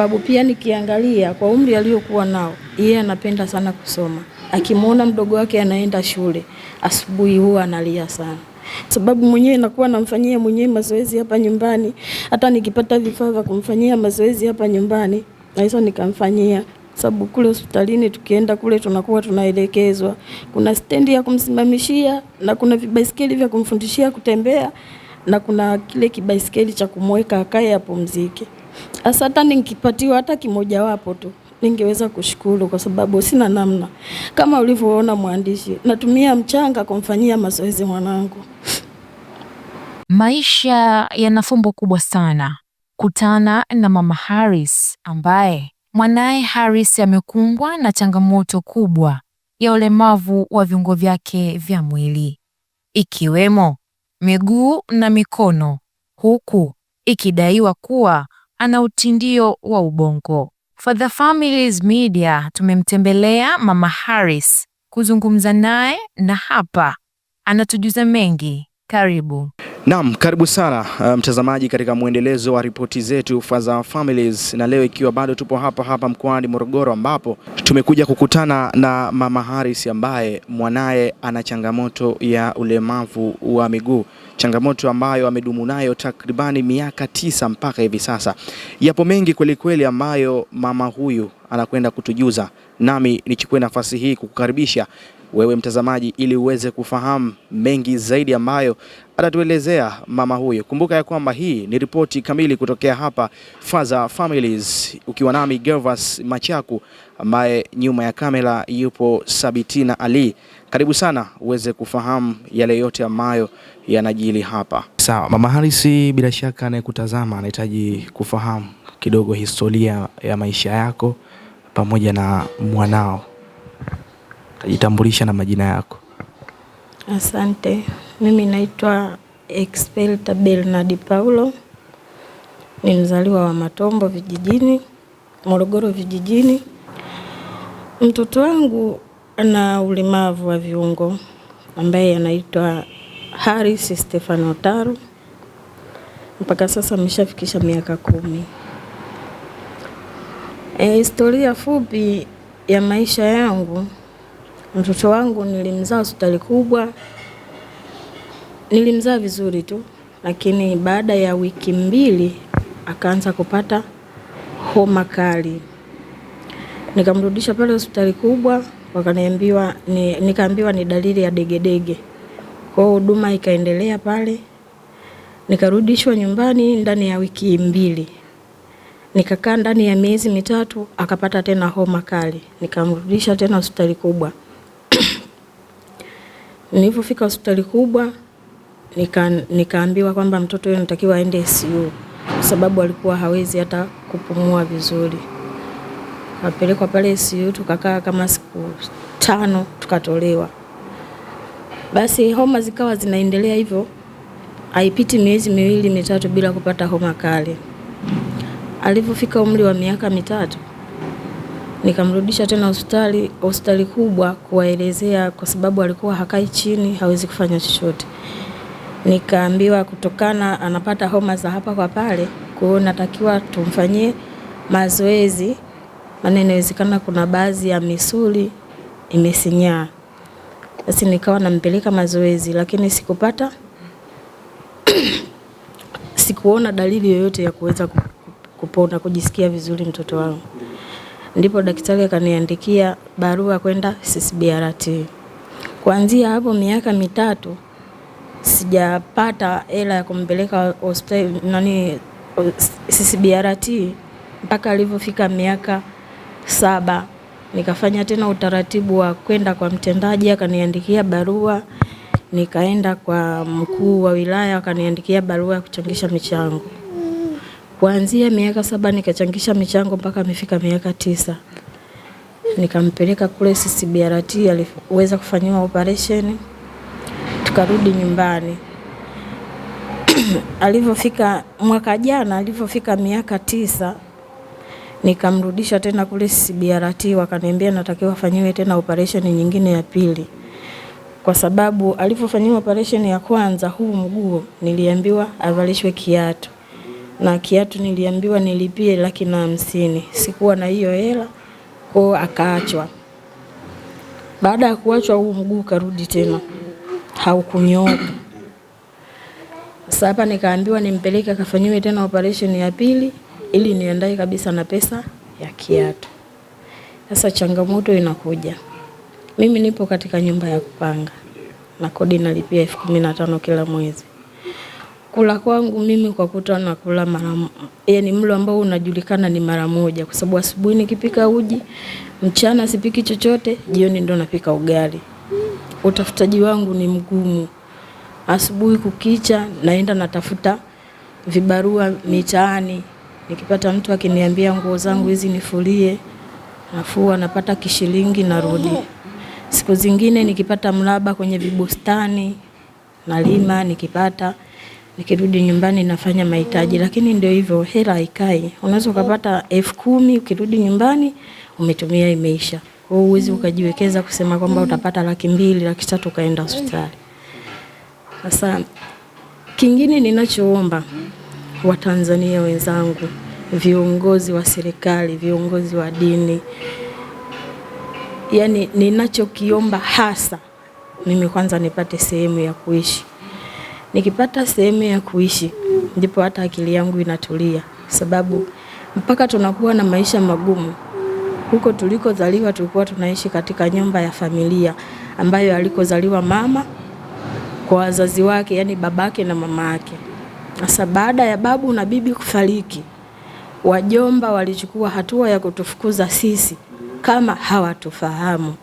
sababu pia nikiangalia kwa umri aliyokuwa nao, yeye anapenda sana kusoma. Akimwona mdogo wake anaenda shule asubuhi, huwa analia sana sababu mwenyewe nakuwa namfanyia mwenyewe mazoezi hapa nyumbani. Hata nikipata vifaa vya kumfanyia mazoezi hapa nyumbani naweza nikamfanyia, sababu kule hospitalini tukienda kule tunakuwa tunaelekezwa, kuna stendi ya kumsimamishia na kuna vibaisikeli vya kumfundishia kutembea na kuna kile kibaisikeli cha kumweka akae apumzike. Hasa hata nikipatiwa hata kimojawapo tu ningeweza kushukuru, kwa sababu sina namna. Kama ulivyoona mwandishi, natumia mchanga kumfanyia mazoezi mwanangu. Maisha yana fumbo kubwa sana. Kutana na mama Harris ambaye mwanaye Harris amekumbwa na changamoto kubwa ya ulemavu wa viungo vyake vya mwili ikiwemo miguu na mikono, huku ikidaiwa kuwa ana utindio wa ubongo. For the Families Media tumemtembelea Mama Harris kuzungumza naye na hapa anatujuza mengi. Karibu. Naam, karibu sana uh, mtazamaji, um, katika mwendelezo wa ripoti zetu Faza Families, na leo ikiwa bado tupo hapa hapa mkoani Morogoro, ambapo tumekuja kukutana na mama Haris ambaye mwanaye ana changamoto ya ulemavu wa miguu, changamoto ambayo amedumu nayo takribani miaka tisa mpaka hivi sasa. Yapo mengi kweli kweli ambayo mama huyu anakwenda kutujuza, nami nichukue nafasi hii kukukaribisha wewe mtazamaji, ili uweze kufahamu mengi zaidi ambayo atatuelezea mama huyo. Kumbuka ya kwamba hii ni ripoti kamili kutokea hapa Faza Families, ukiwa nami Gervas Machaku, ambaye nyuma ya kamera yupo Sabitina Ali. Karibu sana uweze kufahamu yale yote ambayo yanajili hapa. Sawa, mama Harisi, bila shaka anayekutazama anahitaji kufahamu kidogo historia ya maisha yako pamoja na mwanao Tajitambulisha na majina yako. Asante, mimi naitwa Expelta Bernard Paulo, ni mzaliwa wa Matombo vijijini, Morogoro vijijini. Mtoto wangu ana ulemavu wa viungo ambaye anaitwa Haris Stefano Taru, Mpaka sasa ameshafikisha miaka kumi. E, historia fupi ya maisha yangu Mtoto wangu nilimzaa hospitali kubwa, nilimzaa vizuri tu, lakini baada ya wiki mbili akaanza kupata homa kali. Nikamrudisha pale hospitali kubwa, wakaniambiwa ni, nikaambiwa ni dalili ya degedege. Kwa hiyo huduma ikaendelea pale, nikarudishwa nyumbani ndani ya wiki mbili nikakaa ndani ya miezi mitatu akapata tena homa kali, nikamrudisha tena hospitali kubwa. Nilipofika hospitali kubwa nika, nikaambiwa kwamba mtoto huyo anatakiwa aende ICU kwa sababu alikuwa hawezi hata kupumua vizuri. Kapelekwa pale ICU tukakaa kama siku tano tukatolewa. Basi homa zikawa zinaendelea hivyo, haipiti miezi miwili mitatu bila kupata homa kali. Alipofika umri wa miaka mitatu Nikamrudisha tena hospitali hospitali kubwa kuwaelezea, kwa sababu alikuwa hakai chini, hawezi kufanya chochote. Nikaambiwa kutokana anapata homa za hapa kwa pale, kwa hiyo natakiwa tumfanyie mazoezi, maana inawezekana kuna baadhi ya misuli imesinyaa. Basi nikawa nampeleka mazoezi, lakini sikupata sikuona dalili yoyote ya kuweza kupona kujisikia vizuri mtoto wangu ndipo daktari akaniandikia barua kwenda CCBRT. Kuanzia hapo miaka mitatu sijapata hela ya kumpeleka hospitali nani CCBRT mpaka alivyofika miaka saba nikafanya tena utaratibu wa kwenda kwa mtendaji akaniandikia barua, nikaenda kwa mkuu wa wilaya akaniandikia barua ya kuchangisha michango. Kuanzia miaka saba nikachangisha michango mpaka amefika miaka tisa nikampeleka kule CCBRT, aliweza kufanyiwa operation, tukarudi nyumbani. alivyofika mwaka jana, alivyofika miaka tisa nikamrudisha tena kule CCBRT, wakaniambia natakiwa afanyiwe tena operation nyingine ya pili, kwa sababu alivyofanyiwa operation ya kwanza huu mguu, niliambiwa avalishwe kiatu na kiatu niliambiwa nilipie laki na hamsini. Sikuwa na hiyo hela, kwao akaachwa. Baada ya kuachwa, huu mguu karudi tena, haukunyoka. Sasa hapa nikaambiwa nimpeleke akafanyiwe tena operation ya pili ili niandae kabisa na pesa ya kiatu. Sasa changamoto inakuja, mimi nipo katika nyumba ya kupanga na kodi nalipia elfu kumi na tano kila mwezi. Kula kwangu mimi kwa kuta na kula mara yani, mlo ambao unajulikana ni mara moja, kwa sababu asubuhi nikipika uji, mchana sipiki chochote, jioni ndo napika ugali. Utafutaji wangu ni mgumu. Asubuhi kukicha, naenda natafuta vibarua mitaani, nikipata mtu akiniambia nguo zangu hizi nifulie, nafua, napata kishilingi, narudi. Siku zingine nikipata mraba kwenye vibustani, nalima nikipata nikirudi nyumbani nafanya mahitaji, lakini ndio hivyo, hela haikai. Unaweza ukapata elfu kumi ukirudi nyumbani umetumia imeisha. Kwa hiyo uwezi ukajiwekeza kusema kwamba utapata laki mbili laki tatu ukaenda hospitali. Sasa kingine ninachoomba Watanzania wenzangu, viongozi wa serikali, viongozi wa dini, yani ninachokiomba hasa mimi, kwanza nipate sehemu ya kuishi nikipata sehemu ya kuishi ndipo hata akili yangu inatulia, sababu mpaka tunakuwa na maisha magumu huko tulikozaliwa tulikuwa tunaishi katika nyumba ya familia ambayo alikozaliwa mama kwa wazazi wake, yani babake na mama yake. Sasa baada ya babu na bibi kufariki, wajomba walichukua hatua ya kutufukuza sisi kama hawatufahamu,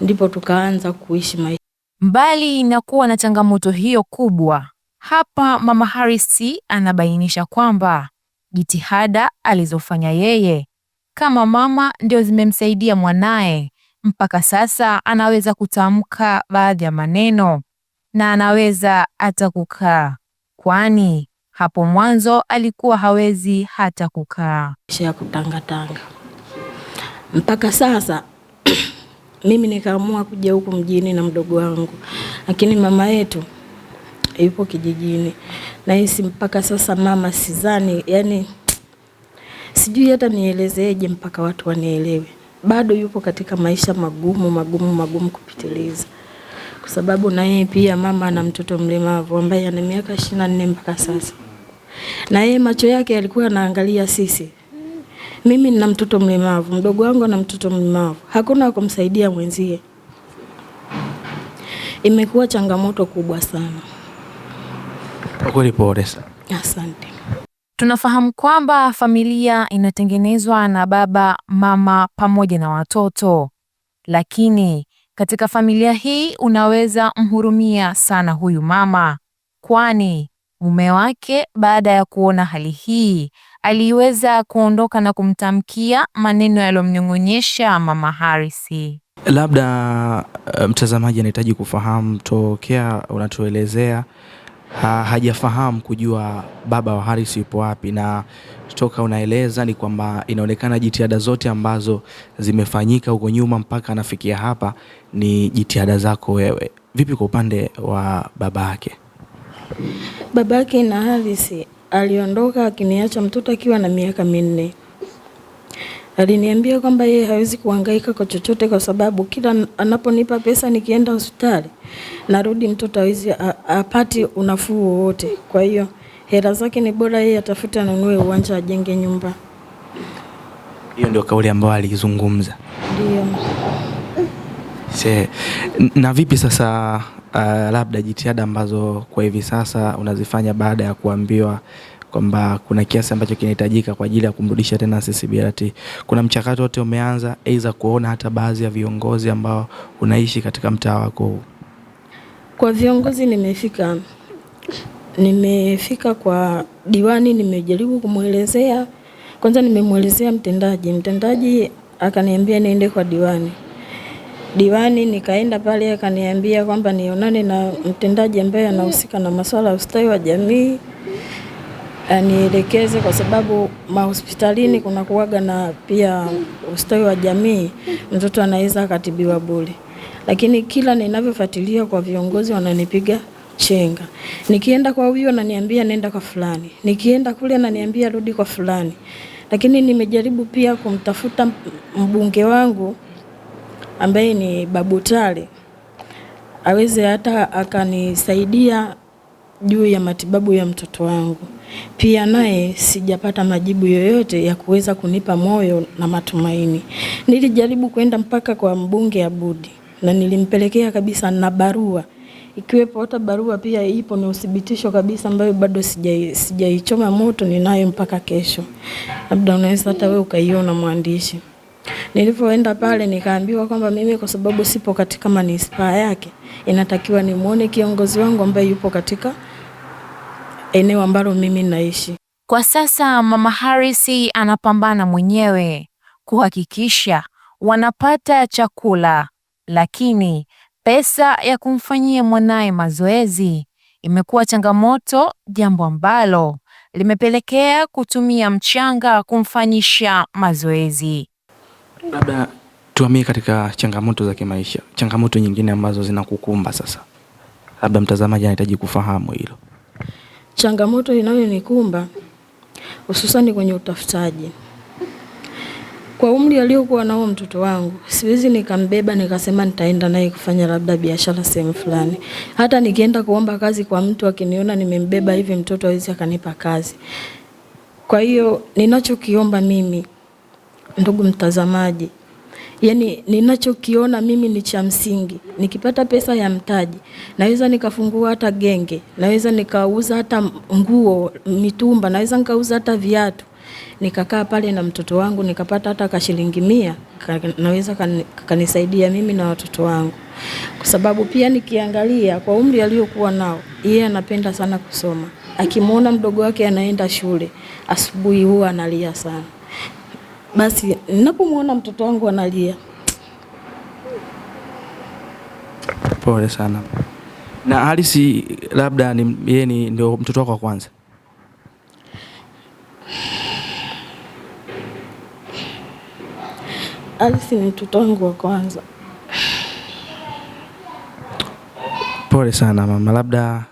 ndipo tukaanza kuishi maisha Mbali na kuwa na changamoto hiyo kubwa, hapa Mama Harris anabainisha kwamba jitihada alizofanya yeye kama mama ndio zimemsaidia mwanaye mpaka sasa anaweza kutamka baadhi ya maneno na anaweza hata kukaa, kwani hapo mwanzo alikuwa hawezi hata kukaa. Maisha kutangatanga mpaka sasa mimi nikaamua kuja huku mjini na mdogo wangu, lakini mama yetu yupo kijijini. Nahisi mpaka sasa mama, sidhani yani, sijui hata nielezeje mpaka watu wanielewe. Bado yupo katika maisha magumu magumu magumu kupitiliza, kwa sababu na yeye pia mama ana mtoto mlemavu ambaye ana miaka ishirini na nne mpaka sasa, na yeye macho yake yalikuwa anaangalia sisi mimi nina mtoto mlemavu, mdogo wangu ana mtoto mlemavu, hakuna wa kumsaidia mwenzie. Imekuwa changamoto kubwa sana kwa kweli. Pole sana, asante. Tunafahamu kwamba familia inatengenezwa na baba, mama pamoja na watoto, lakini katika familia hii unaweza mhurumia sana huyu mama, kwani mume wake baada ya kuona hali hii aliweza kuondoka na kumtamkia maneno yaliyomnyong'onyesha mama Harris. Labda eh, mtazamaji anahitaji kufahamu tokea unatuelezea ha, hajafahamu kujua baba wa Harris yupo wapi, na toka unaeleza ni kwamba inaonekana jitihada zote ambazo zimefanyika huko nyuma mpaka anafikia hapa ni jitihada zako wewe. Vipi kwa upande wa babake? Babake na Harris Aliondoka akiniacha mtoto akiwa na miaka minne. Aliniambia kwamba yeye hawezi kuhangaika kwa chochote kwa sababu kila anaponipa pesa nikienda hospitali narudi mtoto hawezi apati unafuu wowote. Kwa hiyo hela zake ni bora yeye atafute anunue uwanja ajenge nyumba. Hiyo ndio kauli ambayo alizungumza. Ndio. Se, na vipi sasa uh, labda jitihada ambazo kwa hivi sasa unazifanya baada ya kuambiwa kwamba kuna kiasi ambacho kinahitajika kwa ajili ya kumrudisha tena CCBRT. Kuna mchakato wote umeanza, aidha kuona hata baadhi ya viongozi ambao unaishi katika mtaa wako huu? Kwa viongozi nimefika, nimefika kwa diwani, nimejaribu kumwelezea kwanza, nimemwelezea mtendaji, mtendaji akaniambia niende kwa diwani diwani, nikaenda pale akaniambia kwamba nionane na mtendaji ambaye anahusika na masuala ya ustawi wa jamii anielekeze kwa sababu mahospitalini kuna kuwaga na pia ustawi wa jamii, mtoto anaweza akatibiwa bure, lakini kila ninavyofuatilia kwa viongozi wananipiga chenga. Nikienda kwa huyo ananiambia nenda kwa fulani, nikienda kule ananiambia rudi kwa fulani, lakini nimejaribu pia kumtafuta mbunge wangu ambaye ni Babu Tale aweze hata akanisaidia juu ya matibabu ya mtoto wangu. Pia naye sijapata majibu yoyote ya kuweza kunipa moyo na matumaini. Nilijaribu kwenda mpaka kwa mbunge Abudi na nilimpelekea kabisa na barua ikiwepo hata barua pia ipo, ni uthibitisho kabisa ambayo bado sijaichoma moto, ninayo mpaka kesho. Labda unaweza hata wewe ukaiona, mwandishi. Nilipoenda pale nikaambiwa kwamba mimi kwa sababu sipo katika manispaa yake, inatakiwa nimwone kiongozi wangu ambaye yupo katika eneo ambalo mimi naishi. Kwa sasa Mama Harris anapambana mwenyewe kuhakikisha wanapata chakula, lakini pesa ya kumfanyia mwanaye mazoezi imekuwa changamoto, jambo ambalo limepelekea kutumia mchanga kumfanyisha mazoezi. Labda tuamie katika changamoto za kimaisha, changamoto nyingine ambazo zinakukumba sasa, labda mtazamaji anahitaji kufahamu hilo. Changamoto inayonikumba hususani kwenye utafutaji, kwa umri aliokuwa nao mtoto wangu, siwezi nikambeba nikasema nitaenda naye kufanya labda biashara sehemu fulani. Hata nikienda kuomba kazi kwa mtu, akiniona nimembeba hivi mtoto hawezi akanipa kazi. Kwa hiyo ninachokiomba mimi Ndugu mtazamaji, yani ninachokiona mimi ni cha msingi. Nikipata pesa ya mtaji, naweza nikafungua hata genge, naweza nikauza hata nguo mitumba, naweza nikauza hata viatu, nikakaa pale na mtoto wangu nikapata hata kashilingi mia, naweza kanisaidia mimi na watoto wangu, kwa sababu pia nikiangalia kwa umri aliyokuwa nao yeye, anapenda sana kusoma. Akimwona mdogo wake anaenda shule, asubuhi huwa analia sana. Basi ninapomwona mtoto wangu analia. Pole sana. Na Halisi, labda ni yeye ni ndio mtoto wako wa kwanza? Alisi ni mtoto wangu wa kwanza. Pole sana mama, labda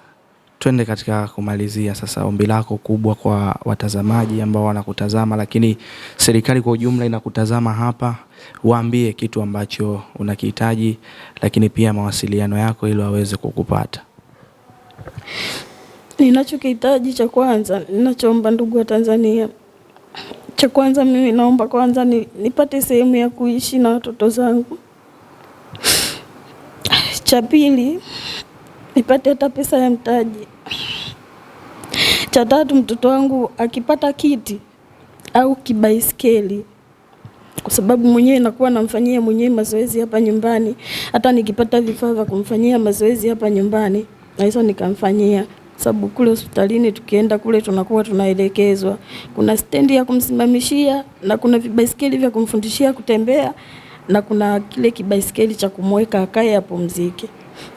Twende katika kumalizia sasa, ombi lako kubwa kwa watazamaji ambao wanakutazama, lakini serikali kwa ujumla inakutazama hapa, waambie kitu ambacho unakihitaji, lakini pia mawasiliano yako ili waweze kukupata. Ninachokihitaji cha kwanza, ninachoomba ndugu wa Tanzania, cha kwanza mimi naomba kwanza nipate sehemu ya kuishi na watoto zangu. Cha pili nipate hata pesa ya mtaji. Cha tatu, mtoto wangu akipata kiti au kibaiskeli, kwa sababu mwenyewe nakuwa namfanyia mwenyewe mazoezi hapa nyumbani. Hata nikipata vifaa vya kumfanyia mazoezi hapa nyumbani, naweza nikamfanyia sababu kule hospitalini tukienda kule tunakuwa tunaelekezwa, kuna stendi ya kumsimamishia na kuna vibaiskeli vya kumfundishia kutembea na kuna kile kibaiskeli cha kumweka akae apumzike.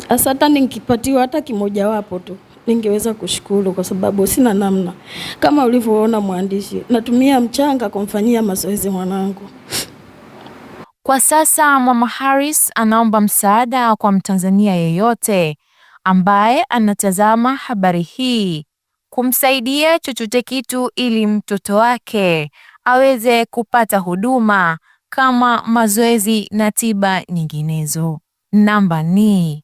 Hasa hata nikipatiwa hata kimojawapo tu ningeweza kushukuru, kwa sababu sina namna. Kama ulivyoona mwandishi, natumia mchanga kumfanyia mazoezi mwanangu. Kwa sasa Mama Harris anaomba msaada kwa Mtanzania yeyote ambaye anatazama habari hii kumsaidia chochote kitu ili mtoto wake aweze kupata huduma kama mazoezi na tiba nyinginezo. Namba ni